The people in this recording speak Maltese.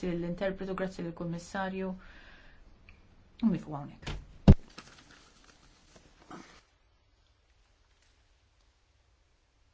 grazzi l-interpretu, grazzi l-kummissarju, u mifgħu hawnhekk.